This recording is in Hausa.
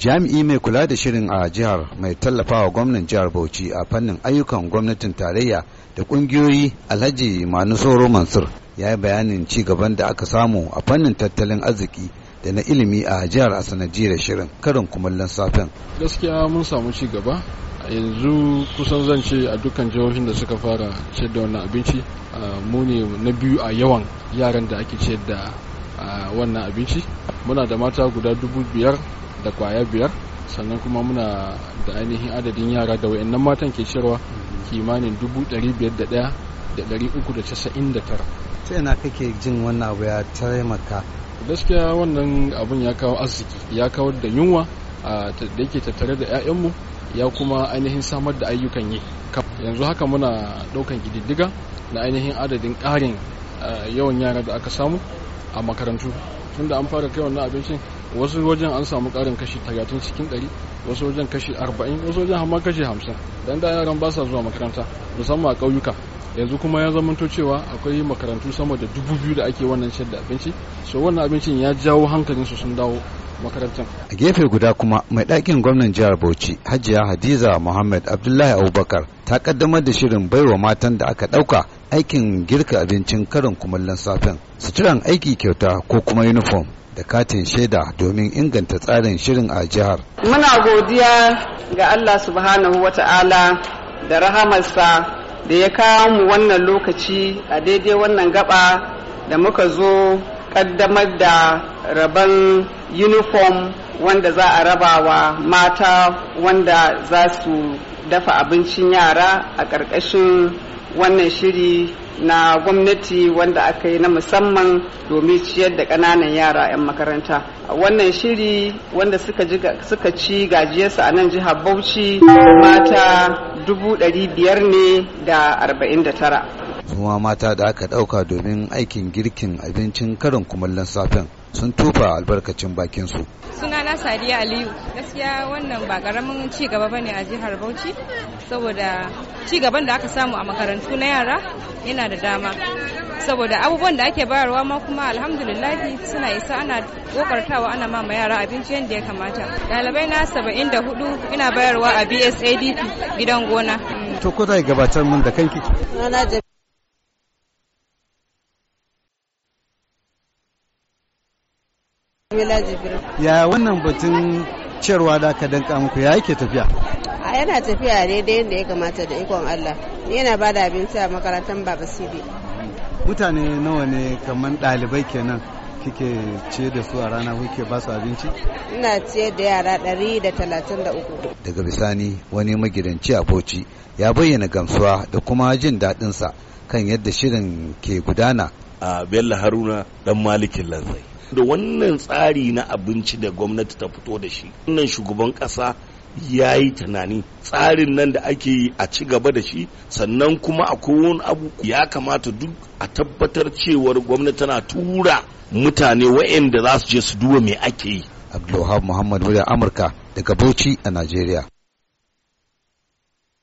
jami'i mai kula da shirin a jihar mai tallafawa gwamnan jihar bauchi a fannin ayyukan gwamnatin tarayya da kungiyoyi alhaji manusoro mansur ya yi bayanin ci gaban da aka samu a fannin tattalin arziki da na ilimi a jihar a sanadiyar shirin karin kumallon safen gaskiya mun samu ci gaba yanzu kusan zan ce a dukkan jihohin da suka fara ciyar da wannan abinci mu ne na biyu a yawan yaran da ake ciyar da wannan abinci muna da mata guda dubu biyar da kwaya biyar sannan kuma muna da ainihin adadin yara da wayannan matan ke shirwa kimanin dubu ɗari biyar da ɗaya da ɗari uku da casa'in da tara ta yana kake jin wannan abu ya taimaka gaskiya wannan abun ya kawo arziki ya kawar da yunwa da yake tattare da 'ya'yanmu ya kuma ainihin samar da ayyukan yi yanzu haka muna ɗaukan gididdiga na ainihin adadin ƙarin yawan yara da aka samu a makarantu tunda an fara kai wannan abincin wasu wajen an samu karin kashi 30 cikin 100 wasu wajen kashi 40 wasu wajen hamma kashi 50 don da yaran ba sa zuwa makaranta musamman a ƙauyuka yanzu kuma ya zamanto cewa akwai makarantu sama da dubu biyu da ake wannan shadda abinci so wannan abincin ya jawo hankalin su sun dawo makarantar. A gefe guda kuma mai ɗakin gwamnan jihar Bauchi Hajiya Hadiza Muhammad Abdullahi Abubakar ta kaddamar da shirin baiwa matan da aka ɗauka aikin girka abincin karin kumallon safen suturan aiki kyauta ko kuma uniform da katin shaida domin inganta tsarin shirin a jihar. Muna godiya ga Allah subhanahu wa ta'ala da rahamarsa da ya kawo mu wannan lokaci a daidai wannan gaba da muka zo kaddamar da rabon uniform wanda za a wa mata wanda za su dafa abincin yara a ƙarƙashin wannan shiri na gwamnati wanda aka yi na musamman domin ciyar da ƙananan yara 'yan makaranta wannan shiri wanda suka ci gajiyarsa a nan jihar bauchi mata 500 ne da 49 kuma mata da aka ɗauka domin aikin girkin abincin karin kumallon safen sun tufa albarkacin bakin su sunana sadiya aliyu gaskiya wannan ba karamin ci gaba bane a jihar bauchi saboda ci gaban da aka samu a makarantu na yara yana da dama saboda abubuwan da ake bayarwa ma kuma alhamdulillahi suna isa ana kokartawa ana ma ma yara abinci yadda ya kamata ɗalibai na saba'in da hudu ina bayarwa a bsadp gidan gona to ko zai gabatar mun da kanki na Ya wannan batun cewa da aka danka muku ya yake tafiya? A yana tafiya daidai da ya kamata da ikon Allah. Yana ba da abinci a makarantar Baba Sibi. Mutane nawa ne kamar ɗalibai kenan kike ce da su a rana kuke ba su abinci? Ina ce da yara ɗari da talatin da Daga bisani wani magidanci a Bauchi ya bayyana gamsuwa da kuma jin daɗinsa kan yadda shirin ke gudana. A Bello Haruna dan malikin lanzai. da wannan tsari na abinci da gwamnati ta fito da shi wannan shugaban ƙasa ya yi tunani tsarin nan da ake yi a ci gaba da shi sannan kuma a wani abu ya kamata duk a tabbatar cewar gwamnati tana tura mutane waɗanda za su je su duba mai ake yi abdulwahab muhammad wajen amurka daga bauchi a najeriya